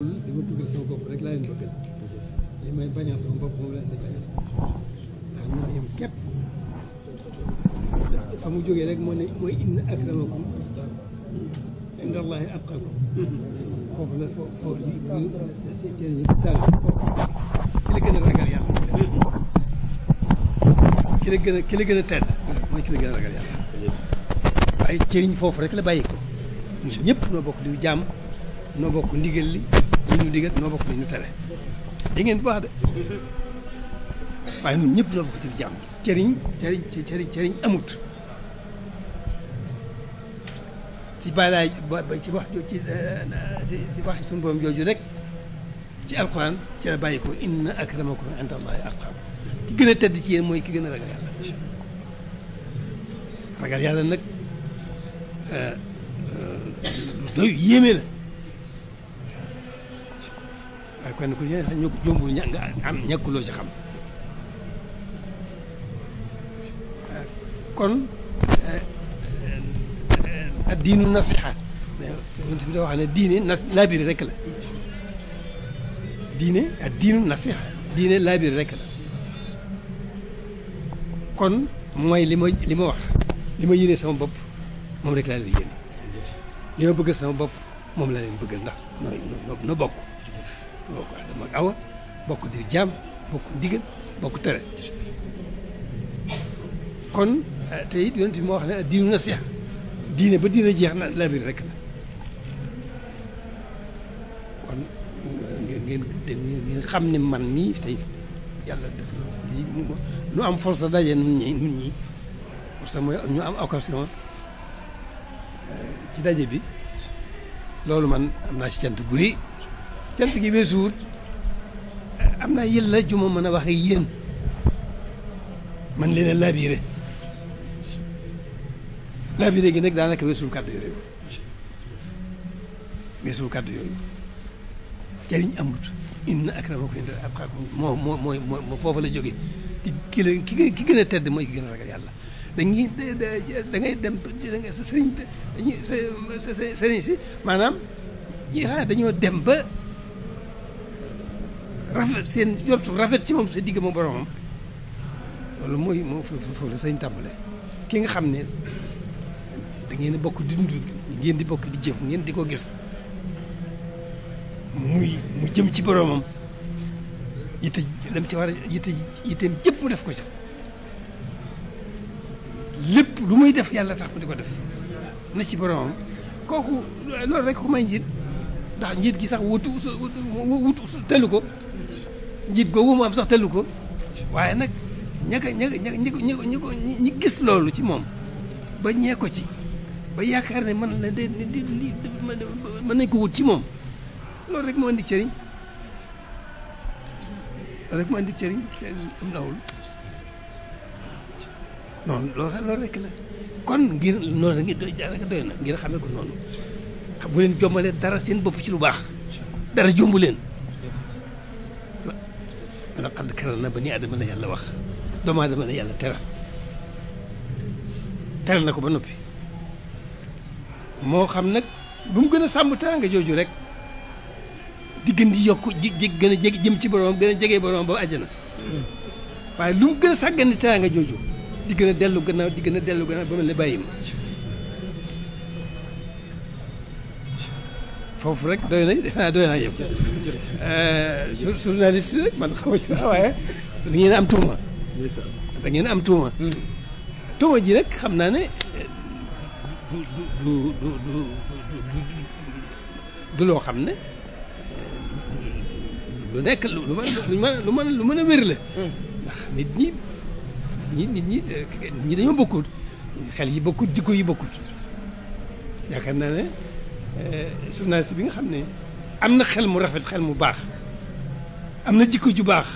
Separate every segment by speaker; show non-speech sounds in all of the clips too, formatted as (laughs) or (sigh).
Speaker 1: li ma dugal sama li may bañal sama bopp moom laa leen di rek moo ne mooy inna akramakum foofu ki la gën a ragal yàlla ki la gën a tedd mooy ki la gën a ragal waaye cëriñ foofu rek la bàyyi ko ñëpp noo bokk di jaam noo bokk ndigal li li ñu digal noo bokk ñu tere da ngeen bu baax de waaye ñun ñëpp noo bokk ci jàmm cëriñ cëriñ cëriñ cëriñ amut ci balaay ci wax ci ci wax suñu jooju rek ci alquran ci la bàyyi ko inna akramakum inda allahi atqaakum ki gën a tedd ci yéen mooy ki gën a ragal yàlla ragal yàlla nag euh, euh, doy la waaye kenn ku ci jombul ña nga am ñàkkuloo ci xam kon ak eh, eh, diinu nasiha yonent wax ne diine nas laabiri rek la diine ak diinu nasiha diine laabiri rek la kon mooy li ma li ma wax li ma yéene sama bopp moom rek laa leen yéene li ma bëgg sama bopp moom laa leen bëggal ndax noo bokk bokk Adama ak bokk di jaam te it yonent bi moo ba diine jeex na labir rek la kon ngeen xam ne man nii tey yàlla def am force la ñi nun ñu am eh, ci daje bi loolu man am naa ci cant guri cant gi weesuwut am naa yëlla ju ma mën a wax ak yéen man leen a labiré labiré gi nag daanaka weesuwul kàddu yooyu weesuwul kàddu yooyu jariñ amut inna akramakum inda atqaakum moo moo moo foofu la jógee ki ki la ki gën tedd mooy ki gën ragal yàlla dañuy dem da ngay sëriñ si maanaam ñi xam ah, dañoo dem ba rafet seen jortu rafet ci moom sa digg ma boromam loolu mooy moo foofu la sañ tàmbalee ki nga xam ne da ngeen bokk di dund ngeen di bokk di jëf ngeen di ko gis muy mu jëm ci boromam yitte dem ci war a yitte yitteem jëpp mu def ko ci lépp lu muy def yàlla tax mu di ko def na ci boromam kooku loolu rek ku may njiit ndax njiit gi sax wutu wutu tëlu ko njiit googu mu am sax tëlu ko waaye nag ña ko ña ko ko ñi gis loolu ci moom ba ñee ci ba yaakaar ne mën na de di mën nañ ko wut ci moom loolu rek moo indi cëriñ loolu rek moo indi cëriñ am nawul noonu loolu loolu rek la kon ngir noonu rek doy na ngir xamee ko noonu xam bu leen jombalee dara seen bopp ci lu baax dara jomb leen la xadd karal na ba ni adama la yàlla wax doomu adama la yàlla teral teral na ko ba noppi moo xam nag lu mu gën a sàmm teranga jooju rek di gën di yokk di gën a jeg jëm ci borom gën a jege borom ba àjjana waaye lu mu gën a sàggan teranga jooju di gën a dellu gannaaw di gën a dellu gannaaw ba mel ne bàyyi ma foofu rek doy nañ defe naa ah, doy naa yëpp eh, journaliste rek man xamuñ sax waaye da ngeen am tuuma da ngeen am tuuma tuuma ji rek xam naa ne du du du du du loo xam ne lu nekk lu mën lu mën lu mën a wér la ndax nit ñi nit ñi nit ñi eh, nit ñi dañoo bokkut xel yi bokkut jikko yi bokkut yaakaar naa ne Euh, journaliste bi nga xam ne am na xel mu rafet xel mu baax am na jikko ju baax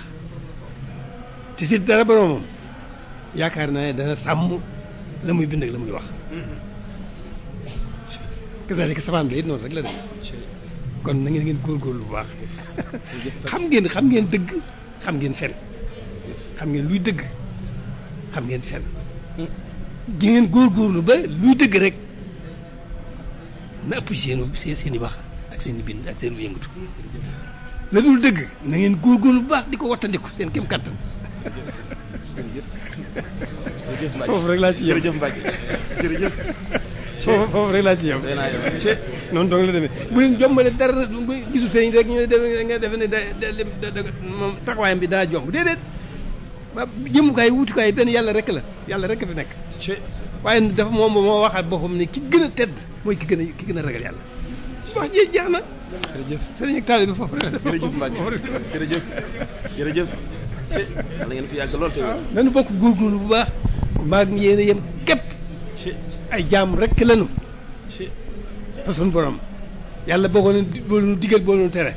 Speaker 1: te si dara boroomam yaakaar naa ne dana sàmm la muy bind ak la muy wax. kazaalika safaan ba it noonu rek la dem kon na ngeen góor góor lu baax (laughs) xam ngeen xam ngeen dëgg xam ngeen fen xam ngeen luy dëgg xam ngeen fen. di hmm. ngeen lu ba luy dëgg rek. na ëpp ci seen seen i wax ak seen i bind ak seen yëngatu la dul dëgg na ngeen góorgóorlu bu baax di ko wattandiku seen kéem kattan foofu rek laa ci yem jërëjëf Mbacke jërëjëf foofu foofu rek laa ci yem noonu dong la demee bu leen jombale dara gisul sëriñ rek ñu ne def nga defe ne da moom taxawaayam bi daa jomb déedéet ba jëmukaay wutukaay benn yàlla rek la yàlla rek fi nekk waaye dafa moom moo waxaat boppam ne ki gën a tedd mooy ki gën a ki a ragal yàlla wax ji jeex na. jërëjëf sëriñ ak taalibe bi foofu la. jërëjëf Mbacke jërëjëf jërëjëf. na ngeen fi yàgg lool bokk góorgóorlu bu baax maa ngi yéen a yem képp. ay jaam rek lañu. fa suñu borom yàlla boo ko nu digal boo nu tere.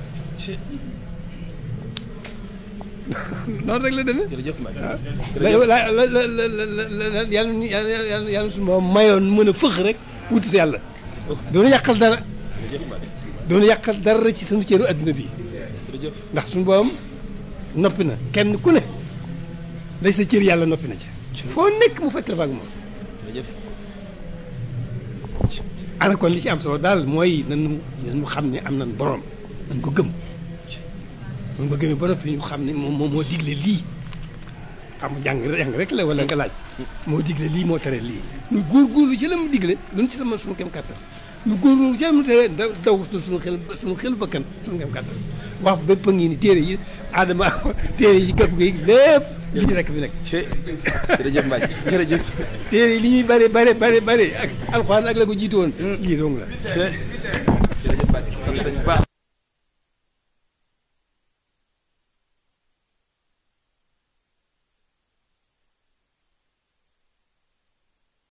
Speaker 1: loolu rek la demee. jërëjëf Mbacke jërëjëf la la la la yàlla yàlla suñu moom mayoon mën a fëx rek wutit yàlla. doon yàqal dara. doon yàqal dara ci suñu cëru adduna bi. ndax suñu boobam noppi na kenn ku ne lay sa cër yàlla noppi na ci. foo nekk mu fekk la ak moom. jërëjëf. ana kon li ci am solo daal mooy nañu nañu xam ne am nañ borom nañ ko gëm. bu ko gëmee ba noppi ñu xam ne moom moom moo digle lii mu nga jàng jàng rek la wala nga laaj. moo digle lii moo tere lii. ñu góorgóorlu ci la mu digle luñ ci la mën suñu kem kàttan ñu góorgóorlu ci la mu tere da daw suñu xel suñu xel bakkan suñu kem kàttan ni téere yi aadama (laughs) téere yi gàkku gi lépp lii rek fi nekk. li ñuy bare bare bare bare ak alxuraan ak la ko jiitu woon. Mm. lii dong la.